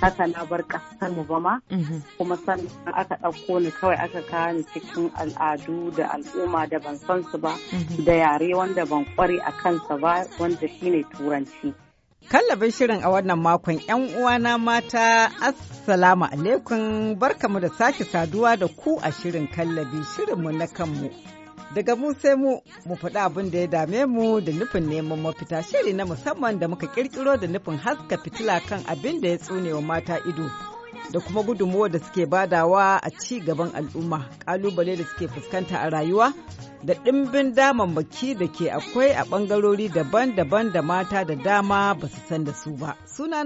haka na bar kasar mu ba ma mhm. kuma san aka ɗauko ni kawai aka kawo ni cikin al'adu da al'umma da ban san su ba mhm. da yare wanda ban kware a kansa ba wanda shine turanci Kallabin shirin a wannan makon ‘yan uwana mata, Assalamu alaikum, barkamu da sake saduwa da ku a shirin kallabi shirin mu na kanmu. daga mun sai mu mu faɗi abin da ya dame mu da nufin neman mafita shiri na musamman da muka kirkiro da nufin haska fitila kan abin da ya tsune wa mata ido da kuma gudunmuwa da suke badawa a ci gaban al'umma kalubale da suke fuskanta a rayuwa da ɗimbin damammaki da ke akwai a ɓangarori daban-daban da mata da dama ba su san da su ba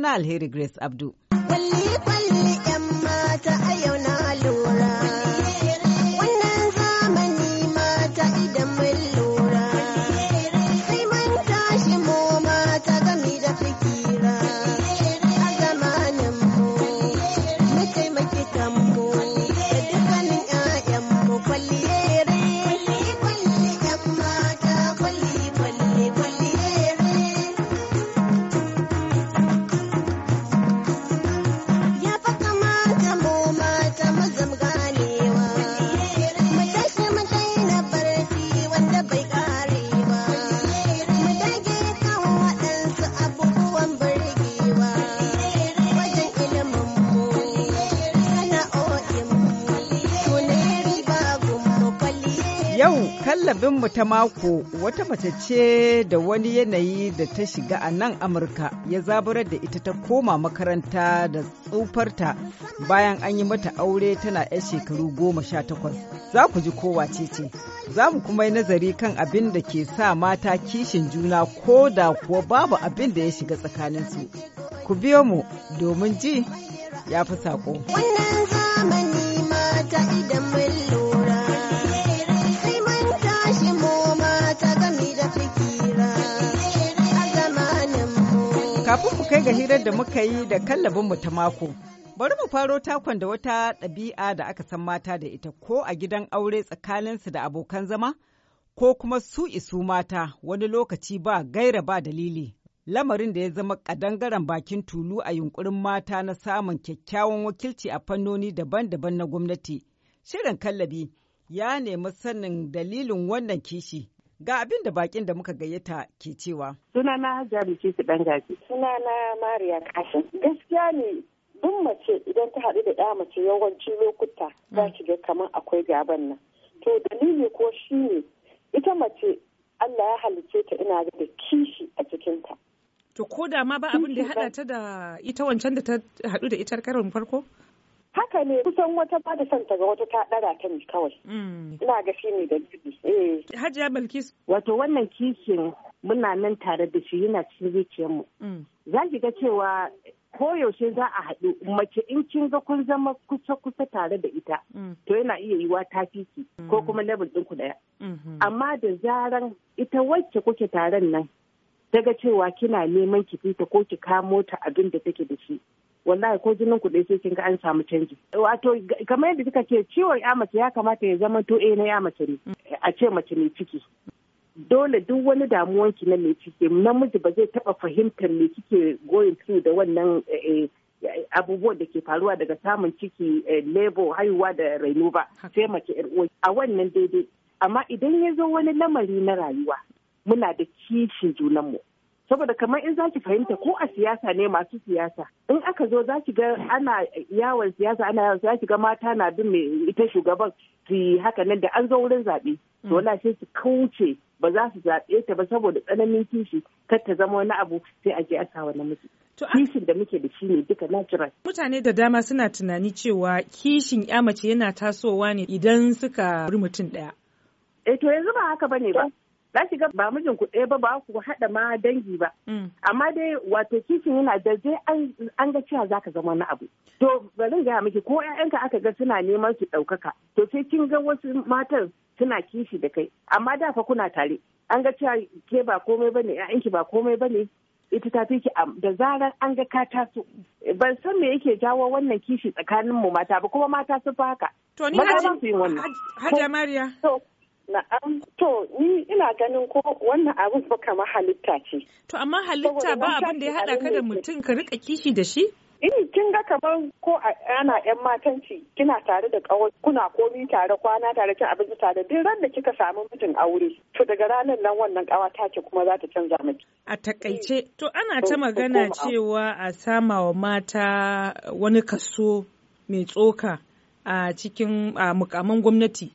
na alheri grace abdu mu ta mako wata mace ce da wani yanayi da ta shiga a nan Amurka ya zaburar da ita ta koma makaranta da tsufarta bayan an yi mata aure tana 'yan shekaru goma sha takwas. Za ku ji kowa ce ce. Za mu kuma yi nazari kan abin da ke sa mata kishin juna ko da kuwa babu abin da ya shiga tsakaninsu. Ku biyo mu domin ji ya fi saƙo. kai ga hirar da muka yi da kallabinmu ta mako. Bari mu faro takon da wata ɗabi'a da aka san mata da ita ko a gidan aure tsakaninsu da abokan zama ko kuma su isu mata wani lokaci ba gaira ba dalili. Lamarin da ya zama ƙadangaren bakin tulu a yunkurin mata na samun kyakkyawan wakilci a fannoni daban-daban na gwamnati. Shirin kallabi ya nemi sanin dalilin wannan kishi. Ga abin da bakin da muka gayyata ke cewa. Suna Sunana Hajiya Bilkisu ɗan gaji. na Mariya Kashin. Gaskiya ne duk mace idan ta haɗu da ɗaya mace yawanci lokuta za hmm. ki ga kamar akwai gaban nan. To dalili ko shi ne ita mace Allah ya halice ta ina da kishi a cikinta. To ko da ma ba abin da ya haɗa ta da ita wancan da ta haɗu da ita karin farko? haka ne kusan wata ba da son ga wata ta ɗara ta ne kawai ina mm. ga shi ne da bibi eh. hajiya balkis wato wannan kishin muna nan tare da shi yana cikin zuciyarmu mm. za ki ga cewa koyaushe za a haɗu mace in kin ga kun zama kusa-kusa tare da ita mm. to yana iya yiwa ta fiki ko kuma level ku ɗaya mm-hmm. amma da zaran ita wacce kuke taron nan daga cewa kina neman ki fita ko ki kamo ta abin da take da shi wallahi ko jinin kuɗi sai kin ga an samu canji wato kamar yadda kika ce ciwon ya mace ya kamata ya zama to eh na ya mace ne a ce mace ne ciki dole duk wani damuwanki na mai ciki namiji ba zai taba fahimtar me kike going through da wannan eh, eh, abubuwan da ke faruwa daga samun ciki eh, labor haihuwa da raino ba sai mace yar a wannan daidai amma idan ya zo wani lamari na rayuwa muna da kishin junanmu saboda kamar in zaki fahimta ko a siyasa ne masu siyasa in aka zo zaki ga ana yawon siyasa ana yawon zaki ga mata na bin mai ita shugaban su haka nan da an zo wurin zaɓe to mm. wani sai su kauce ba za su zaɓe ta ba saboda tsananin kishi kar ta zama wani abu sai a je a sa wani miji kishin da muke da shi ne duka natural. Mutane da dama suna tunani cewa kishin ya mace yana tasowa ne idan suka wuri mutum ɗaya. E to yanzu ba haka bane ba. za ki ga ba mijin ku ɗaya ba ba ku haɗa ma dangi ba mm. amma dai wato kishin yana da dai an ga cewa ka zama wani abu to bari ga miki ko ƴaƴanka aka ga suna neman su ɗaukaka to sai kin ga wasu matan suna kishi da kai amma da fa kuna tare an ga cewa ke ba komai ba ne ƴaƴanki ba komai ba ne ita ta fi da zarar an ga ka taso ban san me yake jawo wannan kishi tsakanin mu mata ba kuma mata su fa haka to ni hajiya Amariya. Na'am, to ni ina ganin ko wannan abin ba kama halitta ce. To amma halitta ba abin da ya haɗa ka da mutum ka rika kishi da shi? in eh, kin ga kamar ko ana yan matanci kina tare da kawo kuna komi tare kwana tare cin abinci tare duk ran da kika samu mijin aure to daga ranar nan wannan kawa ce kuma za ta canza miki a takaice eh. to ana ta magana cewa a sama wa mata wani kaso mai tsoka a cikin mukamman gwamnati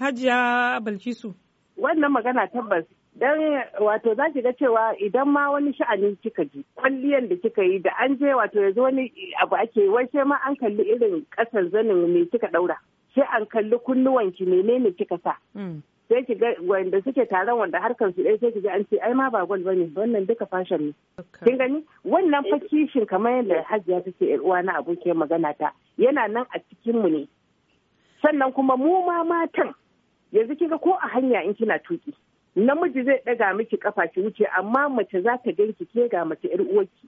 Hajiya Balkisu. Wannan magana tabbas dan wato za ki ga cewa idan ma wani sha'ani kika ji kwalliyan da kika yi da an je wato ya zo wani abu ake washe ma an kalli irin kasar zanin me kika ɗaura. sai an kalli kunnuwanki menene kika sa hmm. sai ki ga wanda suke taron wanda harkar su ɗaya sai ki ga an ce ai ma ba gwal bane wannan duka fashion ne kin gani wannan fa kishin kamar yadda Hajiya take yar uwa na abokiyar magana ta yana nan a cikin mu ne sannan kuma mu ma matan yanzu kika ko a hanya in kina tuki namiji zai ɗaga miki kafa ki wuce amma mace za ta ganki ke ga mace yar uwarki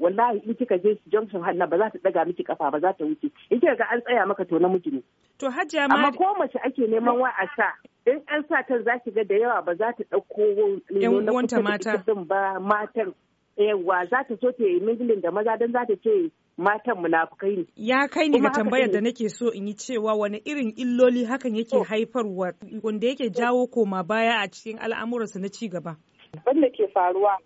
wallahi in kika je junction hannu ba za ta daga miki kafa ba za ta wuce in kika ga an tsaya maka to namiji ne to hajja ma amma ko mace ake neman wa a sa in an sa ta za ki ga da yawa ba za ta dauko wani mata ba matan yawa za ta so ta yi mingilin da maza don za ta ce matan munafukai ne. Ya kai ni ga tambayar da nake so in yi cewa wani irin illoli hakan yake haifarwa wanda yake jawo koma baya a cikin al'amuransa na ci gaba. Wanda ke faruwa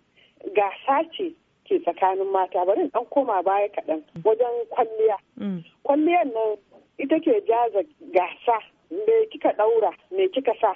gasa ce ke tsakanin mata bari dan koma baya kaɗan wajen kwalliya. Mm. Kwalliyar nan ita ke jaza gasa me kika ɗaura me kika sa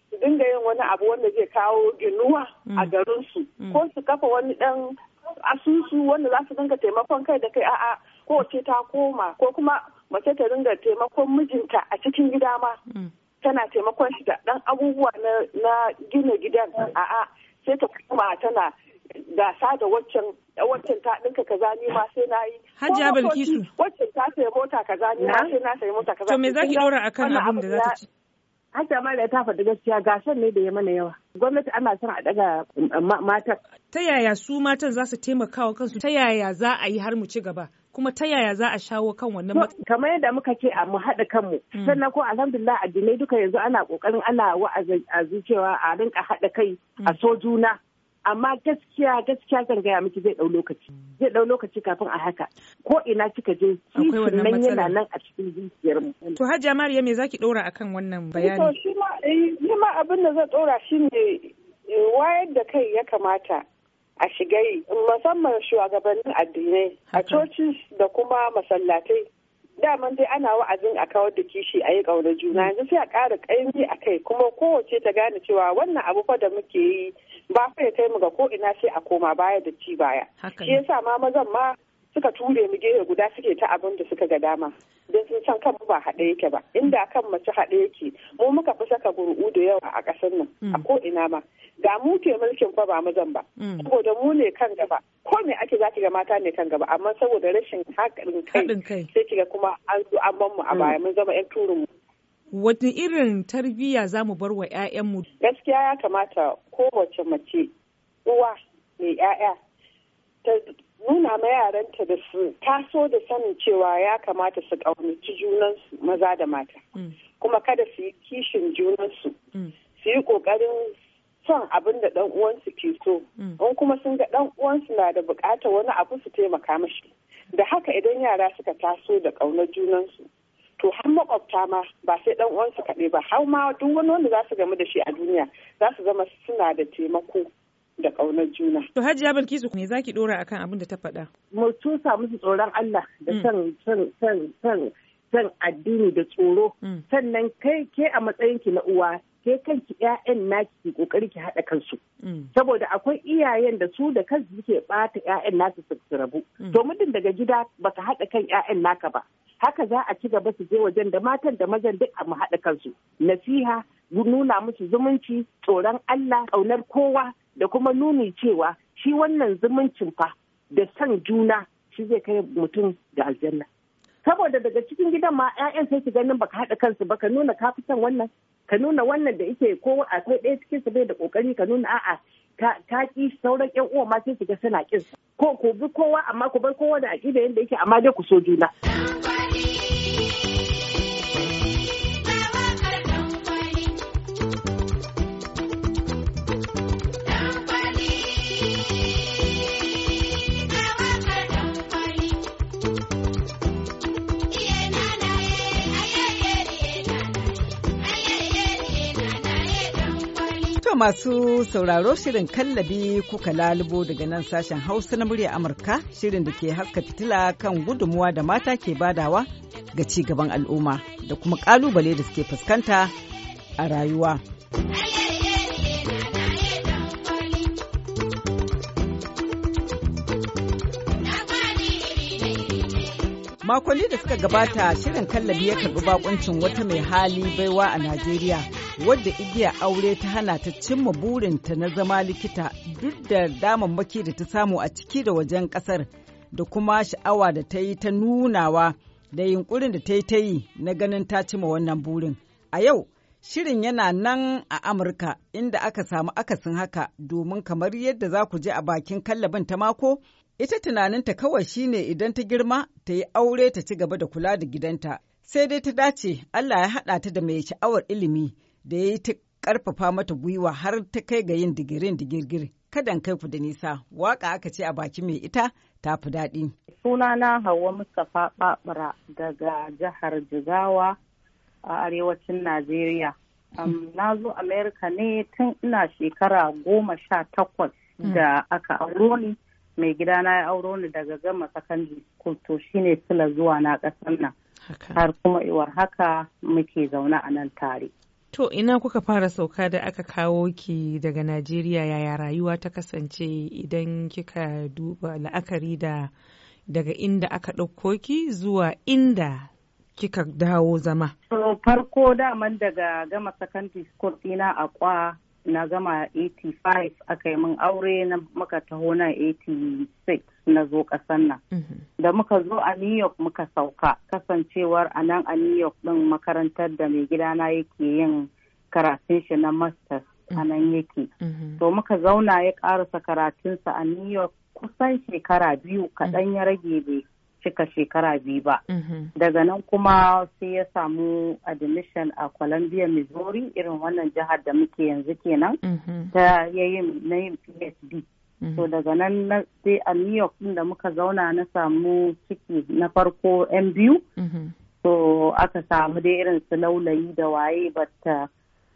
su dinga yin wani abu wanda zai kawo ginuwa mm. a garinsu mm. ko su kafa wani dan asusu wanda za su dinga taimakon kai da kai a'a ko ce ta koma ko kuma mace ta dinga taimakon mijinta a cikin gida ma mm. tana taimakon shi da dan abubuwa na gina gidan a'a sai ta koma tana gasa da waccan waccan ta dinka kaza ni ma sai na yi Hajiya Bilkisu waccan ta sai mota kaza ni ma sai na sai mota kaza to me zaki dora akan abin da za ta ci Hajiya da ta faɗi gaskiya gasar ne da ya mana yawa. Gwamnati ana son a daga mm, matan. Ta yaya su matan za su taimaka kansu? Ta yaya za a yi har mu ci gaba? Kuma ta yaya za a shawo kan wannan matsalar? Kamar yadda muka ce a mu haɗa kanmu. Mm. Sannan ko alhamdulillah addinai duka yanzu ana ƙoƙarin ana wa'azi cewa a rinka haɗa kai a mm. so juna. amma gaskiya gaskiya zan gaya miki zai dau lokaci zai dau lokaci kafin a haka ko ina kika je kishin nan yana nan a cikin zuciyar mu to hajja mariya me zaki dora akan wannan eh, bayani to shi ma eh, ni ma abin da zan dora shine eh, wayar da kai ya kamata a shigai musamman shugabannin addinai a coci da kuma masallatai daman dai ana wa'azin a kawar da kishi a yi ƙaunar juna yanzu sai a ƙara ƙaimi a kai kuma kowace ta gane cewa wannan abu fa da muke yi ba fa ya kai mu ga ko ina sai a koma baya da ci baya shi yasa ma mazan ma suka ture mu gefe guda suke ta abin da suka ga dama don sun san kanmu ba haɗe yake ba inda kan mace haɗe yake mu muka fi saka gurgu da yawa a ƙasar nan a mm. ko ina ma da mu ke mulkin fa ba mazan ba mm. saboda mu ne kan gaba ko me ake zaki ki ga mata ne kan gaba amma saboda rashin haɗin kai sai ki kuma an zo an mu a baya mm. mun zama yan turin mu wata irin tarbiyya za mu bar wa mu. gaskiya ya kamata kowace mace uwa mai 'ya'ya ta nuna ma yaranta da su taso da sanin cewa ya kamata su ƙaunaci junansu maza da mata mm. kuma kada su yi kishin junansu su yi ƙoƙarin son abin da ɗan uwansu ke so mm. in kuma sun ga ɗan uwansu na da bukatar wani abu su taimaka mashi da haka idan yara suka taso da ƙaunar junansu to har makwabta ma ba sai ɗan uwansu kaɗai ba har ma duk wani wanda za su gamu da shi a duniya za su zama suna da taimako da ƙaunar juna. To Hajiya Bilkisu me ki ɗora akan abin da ta faɗa? Mutum sa musu tsoron Allah da mm. san san san san san addini da tsoro. Mm. Sannan kai ke a matsayin ki na uwa ke ki ƴaƴan naki ki kokari ki haɗa kansu mm. saboda akwai iyayen da su da kansu suke bata ƴaƴan nasu su rabu mm. to mutum daga gida baka haɗa kan ƴaƴan naka ba haka za a ci gaba su je wajen da matan da mazan duk a mu haɗa kansu nasiha nuna musu zumunci tsoron Allah ƙaunar kowa da kuma nuni cewa shi wannan zumuncin fa da san juna shi zai kai mutum da aljanna saboda daga cikin gidan ma 'ya'yan sai ki ganin baka haɗa kansu ba ka nuna ka fi son wannan ka nuna wannan da yake ko akwai ɗaya cikin su bai da kokari ka nuna a'a ta ki sauran yan uwa ma sai su ga suna kin ko ku bi kowa amma ku bar kowa da aƙida yadda yake amma dai ku so juna. masu sauraro shirin kallabi kuka lalubo daga nan sashen hausa na murya amurka shirin da ke haska fitila kan gudunmuwa da mata ke badawa ga ci gaban al'umma da kuma kalubale da suke fuskanta a rayuwa. makonni da suka gabata shirin kallabi ya karbi bakuncin wata mai hali baiwa a najeriya wadda igiya aure ta hana ta cimma burinta na zama likita duk da damammaki da ta samu a ciki da wajen kasar da kuma sha'awa da ta yi ta nunawa da yunkurin da ta yi ta yi na ganin ta cimma wannan burin. A yau, shirin yana nan a Amurka inda aka samu akasin haka domin kamar yadda za ku je a bakin kallabin ta mako, ita tunaninta kawai shine idan ta girma ta yi aure ta ci gaba da kula da gidanta. Sai dai ta dace Allah ya haɗa ta da mai sha'awar ilimi da ya yi ta ƙarfafa mata gwiwa har ta kai ga yin digirin digirgir kadan kai ku da nisa waka aka ce a baki mai ita ta fi daɗi. sunana hauwa mustapha babura daga jihar jigawa a arewacin najeriya na zo amerika ne tun ina shekara goma sha takwas hmm. da aka auro ni mai gida na ya auro ni daga gama sakandare to shine sila zuwa na ƙasar nan har kuma iwar haka muke zaune a nan tare To ina kuka fara sauka da aka kawo ki daga Najeriya yaya rayuwa ta kasance idan kika duba la'akari da daga inda aka ɗauko ki zuwa inda kika dawo zama? To farko daman daga gama secondary school a kwa na gama 85 aka yi min aure na muka taho na 86 na zo kasan nan mhm. da muka zo a new york muka sauka kasancewar a nan a new york din makarantar da mai gidana yake yin karatun shi na masters a mhm. nan yake mhm. to muka zauna ya karasa karatunsa a new york kusan shekara biyu kaɗan ya rage bai cika shekara biyu ba. Mm-hmm. Daga nan kuma sai ya samu admission a Columbia, Missouri irin wannan jihar da muke yanzu kenan mm-hmm. ta yayi na yin PhD. Mm-hmm. So daga nan sai a New York din da muka zauna na samu ciki na farko 'yan biyu. So aka samu dai irin su laulayi da waye bata uh,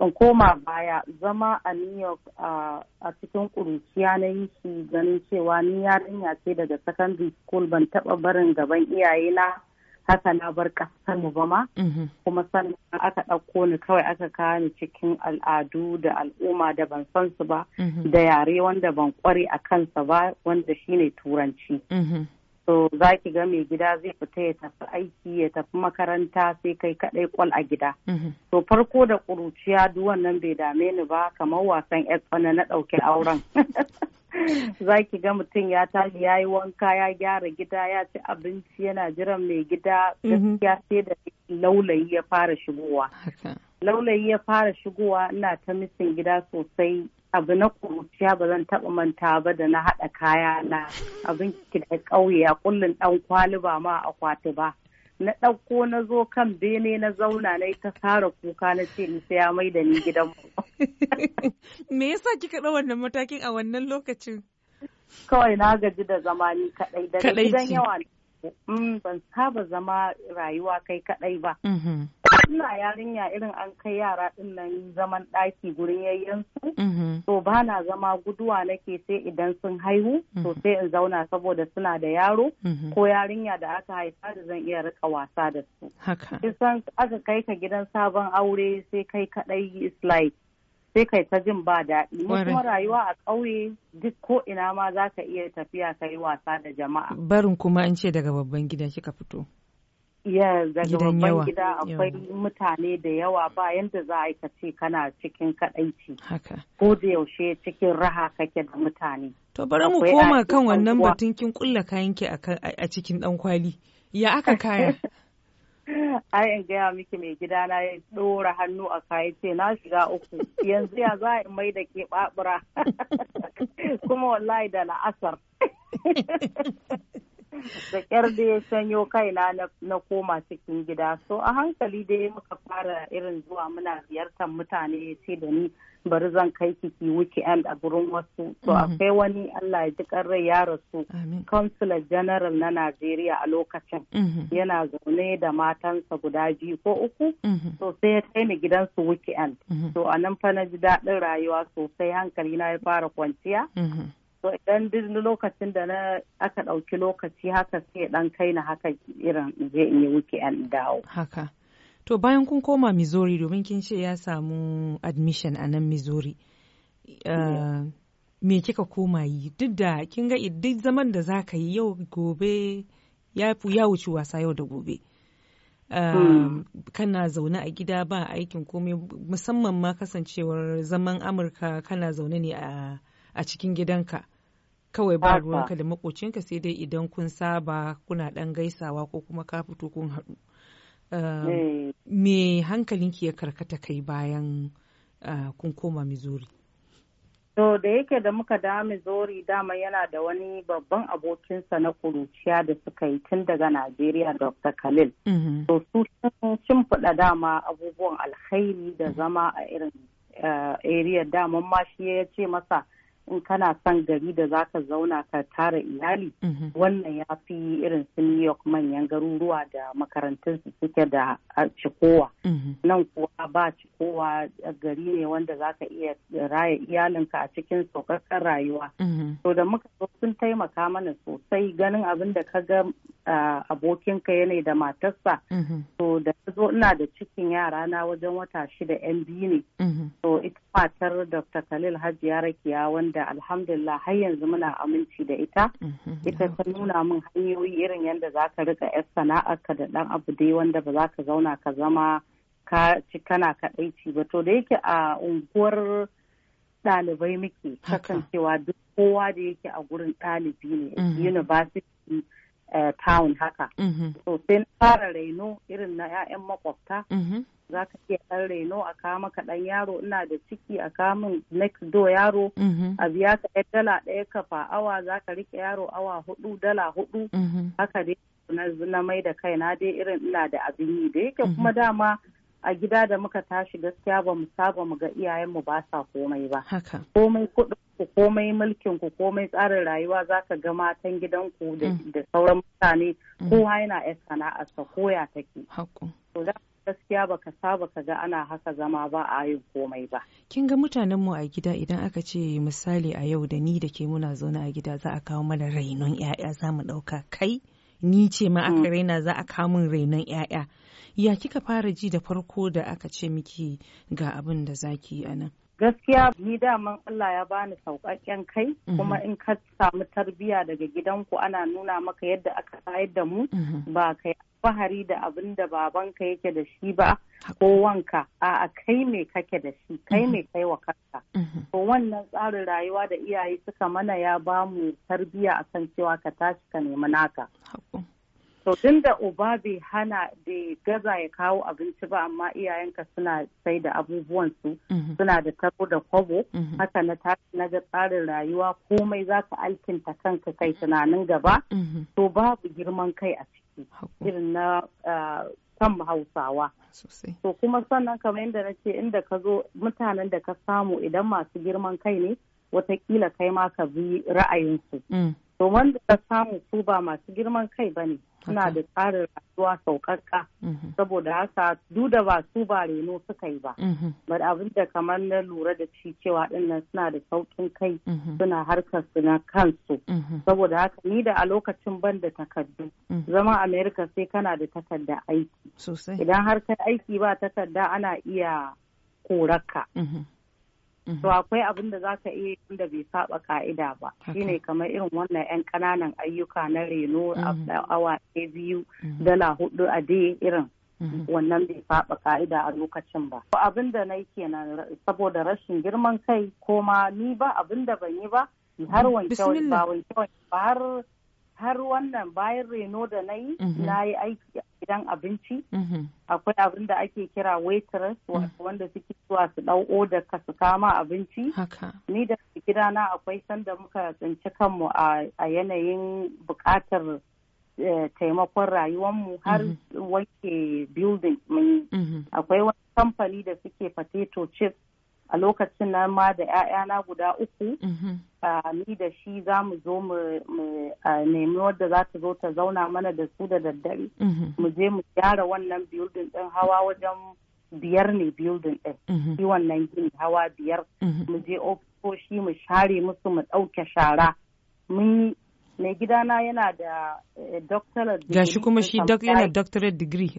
in koma baya zama a new york a cikin ƙuruciya na yi shi ganin cewa ni yarinya ce daga secondary school ban taba barin gaban iyaye na haka na bar ƙasar mu ba ma mm-hmm. kuma sannan aka ɗauko ni kawai aka kawo cikin al'adu da al'umma da ban san su ba mm-hmm. da yare wanda ban ƙware a kansa ba wanda shine turanci mm-hmm. so za ki ga mai gida zai fita ya tafi aiki ya tafi makaranta sai kai kadai kwal a gida mhm. to farko da kuruciya duk wannan bai dame ni ba kamar wasan tsana na ɗauke auren za ki ga mutum ya tashi ya yi wanka ya gyara gida ya ci abinci yana jiran mai gida mhm. gaskiya sai da laulayi ya fara shigowa laulayi ya fara shigowa ina ta misin gida sosai abu na kuruciya ba zan taɓa manta ba da na haɗa kaya na abin da ƙauye a kullum ɗan kwali ba ma akwati ba na ɗauko na zo kan bene na zauna na ta sara kuka na ce ni sai ya mai da ni gidan mu. me yasa kika ɗau wannan matakin a wannan lokacin kawai na gaji da zama ni kaɗai da gidan yawa mm, ban saba zama rayuwa kai kaɗai ba mm-hmm. suna yarinya irin an kai yara din nan zaman ɗaki gurin yayyansu mm-hmm. to ba na zama guduwa nake sai idan sun haihu to mm-hmm. sai in zauna saboda suna da yaro mm-hmm. ko yarinya da aka haifa da zan iya rika wasa da su kisan aka kai ka gidan sabon aure sai kai kaɗai is like sai kai ta jin ba daɗi kuma rayuwa a ƙauye duk ko ina ma za ka iya tafiya ka yi wasa da jama'a barin kuma in ce daga babban gida kika fito Yes, daga babban gida akwai mutane da yawa ba yadda za a ce kana cikin kadaici. Haka. Ko da yaushe cikin raha kake da mutane. To bari mu koma kan wannan batun kin kulla kayanki a cikin dan kwali. Ya aka kaya? Ai in gaya miki mai gida na ya dora hannu a kayi ce na shiga uku yanzu ya za in mai da ke babura kuma wallahi da la'asar. da kyar da ya sanyo kaina na koma cikin gida so a hankali da ya muka fara irin zuwa muna ziyartar mutane ya ce da ni bari zan kai kiki weekend a gurin wasu to mm-hmm. akwai wani Allah ya ji ya rasu consular general na Najeriya a lokacin mm-hmm. yana zaune da matansa guda biyu ko uku mm-hmm. sosai sai ya kai ni gidansu weekend to a nan fa na ji daɗin rayuwa sosai hankali na ya fara kwanciya so idan duk lokacin da na aka ɗauki lokaci haka sai ɗan kai na haka irin je in yi wuke an dawo. Haka. To bayan kun koma Missouri domin kin ce ya samu admission a nan Missouri. Eh, me kika koma yi duk da kin ga duk zaman da za ka yi yau gobe ya ya wuce wasa yau da gobe. Hmm. Eh, kana zaune a gida ba aikin komai musamman ma kasancewar zaman amurka kana zaune ne a cikin gidanka kawai ba ruwanka da makocinka sai dai idan kun saba kuna dan gaisawa ko kuma ka fito kun haɗu um, eh. me hankalinki ya karkata kai bayan uh, kun koma missouri to da yake da muka da missouri dama yana da wani babban abokinsa na kuruciya da suka yi tun daga najeriya dr khalil mm-hmm. to su sun fada dama abubuwan alkhairi da mm-hmm. zama a irin uh, area dama ma shi ya ce masa in kana son gari da za ka zauna ka tara iyali mhm. wannan ya fi irin su new york manyan garuruwa da makarantun su suke da cikowa mhm. nan kuwa ba cikowa gari ne wanda za ka iya raya iyalinka a cikin saukakkar rayuwa mhm. to da muka zo sun taimaka mana sosai ganin abin da ka ga abokinka yanayi da matarsa to da zo ina da cikin yara na wajen wata shida yan biyu ne to ita matar Dr. Khalil Hajiya Rakiya wanda alhamdulillah har yanzu muna aminci da ita. Mm-hmm. Ita ta nuna min hanyoyi irin yadda za ka rika yar ka da ɗan abu dai wanda ba za ka zauna ka zama ka ci kana kaɗaici ba. To da yake a unguwar ɗalibai muke kasancewa duk kowa da yake a gurin ɗalibi ne mm-hmm. university eh, town haka. So mm-hmm. sai na fara raino irin na 'ya'yan makwabta. za ka iya ɗan reno a kawo maka ɗan yaro ina da ciki a kawo min next door yaro mm-hmm. a biya ka ɗaya dala ɗaya kafa awa za ka riƙe yaro awa hudu dala hudu mm-hmm. haka dai na mai da kaina dai irin ina da abin yi da yake kuma mm-hmm. dama a gida da muka tashi gaskiya ba mu saba mu ga iyayenmu ba sa komai ba. Komai kuɗin ku komai mulkin ku komai tsarin rayuwa za ka ga matan gidanku da mm. sauran mutane mm. kowa yana yan sana'arsa koya take. gaskiya baka saba ka ga ana haka zama ba a yin komai ba kin ga mutanen mu a gida idan aka ce misali a yau da ni da ke muna zaune a gida za a kawo mana rainon 'ya'ya za mu ɗauka kai ni ce ma aka mm. raina za a kawo min rainon 'ya'ya ya kika fara ji da farko da aka ce miki ga abin da zaki a nan Gaskiya ni daman Allah ya bani sauƙaƙen kai mhm. kuma in ka samu tarbiya daga gidanku ana nuna maka yadda aka sayar da mu mhm. ba kai fahari da abin da babanka yake da shi ba ko wanka a kai me kake da shi kai mhm. me kai wa kanka to wannan tsarin rayuwa da iyaye suka mana ya bamu mu tarbiya akan cewa ka tashi ka nemi naka To tun da uba bai hana bai gaza ya kawo abinci ba amma iyayenka suna sai da abubuwansu mhm. suna da tabo da kwabo mhm. haka na na ga tsarin rayuwa komai za ka alkinta kanka kai mhm. tunanin gaba to babu girman kai a ciki irin na ah, kan hausawa. To kuma sannan kamar yadda na ce inda ka zo mutanen da ka samu idan masu girman kai ne watakila kai ma ka bi ra'ayinsu. Mm. to wanda ta samu su ba masu girman kai ba ne suna da tsarin rayuwa sauƙaƙa mhm. saboda haka duk da ba su ba reno suka yi ba mhm. bar abin da kamar na lura da ci cewa dinnan suna da sauƙin kai mhm. suna harkar su na kansu saboda haka ni da a lokacin ban da takardu zama america sai kana da takarda aiki idan har kai aiki ba takarda ana iya korarka to mhm. akwai abin da za ka iya da bai saba ka'ida ba shine kamar irin wannan yan kananan ayyuka na reno mhm. awa ɗaya biyu mhm. dala hudu a dai irin wannan bai saba ka'ida a lokacin ba abin da na kenan saboda rashin girman kai ko ma ni ba abin da ban yi ba har wanke ba wanke ba har har wannan bayan reno da na yi mhm. na yi aiki a gidan abinci mhm. akwai abin da ake kira waitress mm. wanda suke zuwa su dau da ka su kama abinci ni da gidana akwai sanda muka tsinci kanmu a yanayin bukatar eh, taimakon rayuwanmu har mhm. wanke building mai akwai wani kamfani da suke potato chips a lokacin nan ma da 'ya'yana guda uku mm-hmm. ni da shi za mu zo mu nemi wadda za ta zo ta zauna mana da su da daddare mm-hmm. mu je mu gyara wannan building din hawa wajen biyar ne building din mm-hmm. shi wannan gini hawa biyar mu je ofisoshi mu share musu mu ɗauke shara mun yi mai gidana yana da eh, doctorate degree gashi kuma shi yana doctorate degree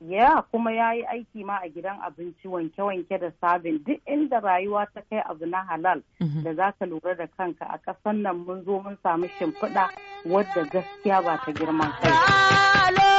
ya kuma ya yi aiki ma a gidan abinci wanke-wanke da sabin duk inda rayuwa ta kai abu na halal mhm. da za ka lura da kanka a ƙasan nan mun zo mun samu shimfiɗa wadda gaskiya ba ta girman kai.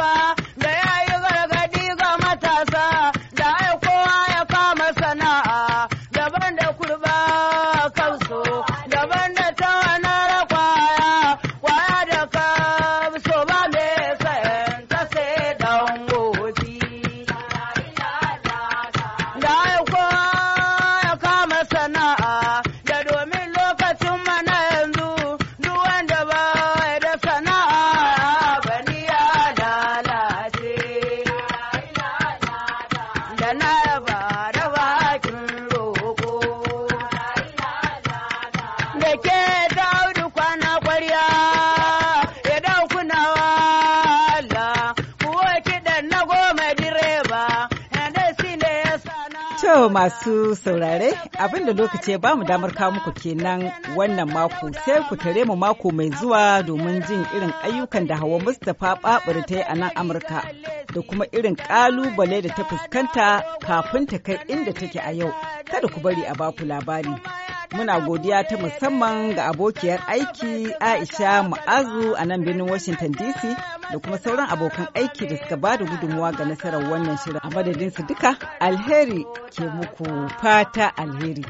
va To masu saurare abinda lokaci ba mu damar kawo muku kenan wannan mako sai ku tare mu mako mai zuwa domin jin irin ayyukan da hawa Mustapha Babur ta yi a nan Amurka da kuma irin kalubale da ta fuskanta kafin ta kai inda take a yau. Kada ku bari a baku labari. muna godiya ta musamman ga abokiyar aiki aisha mu'azu a nan birnin washington dc da kuma sauran abokan aiki da suka ba da gudunmuwa ga nasarar wannan shirin a madadinsu duka alheri ke muku fata alheri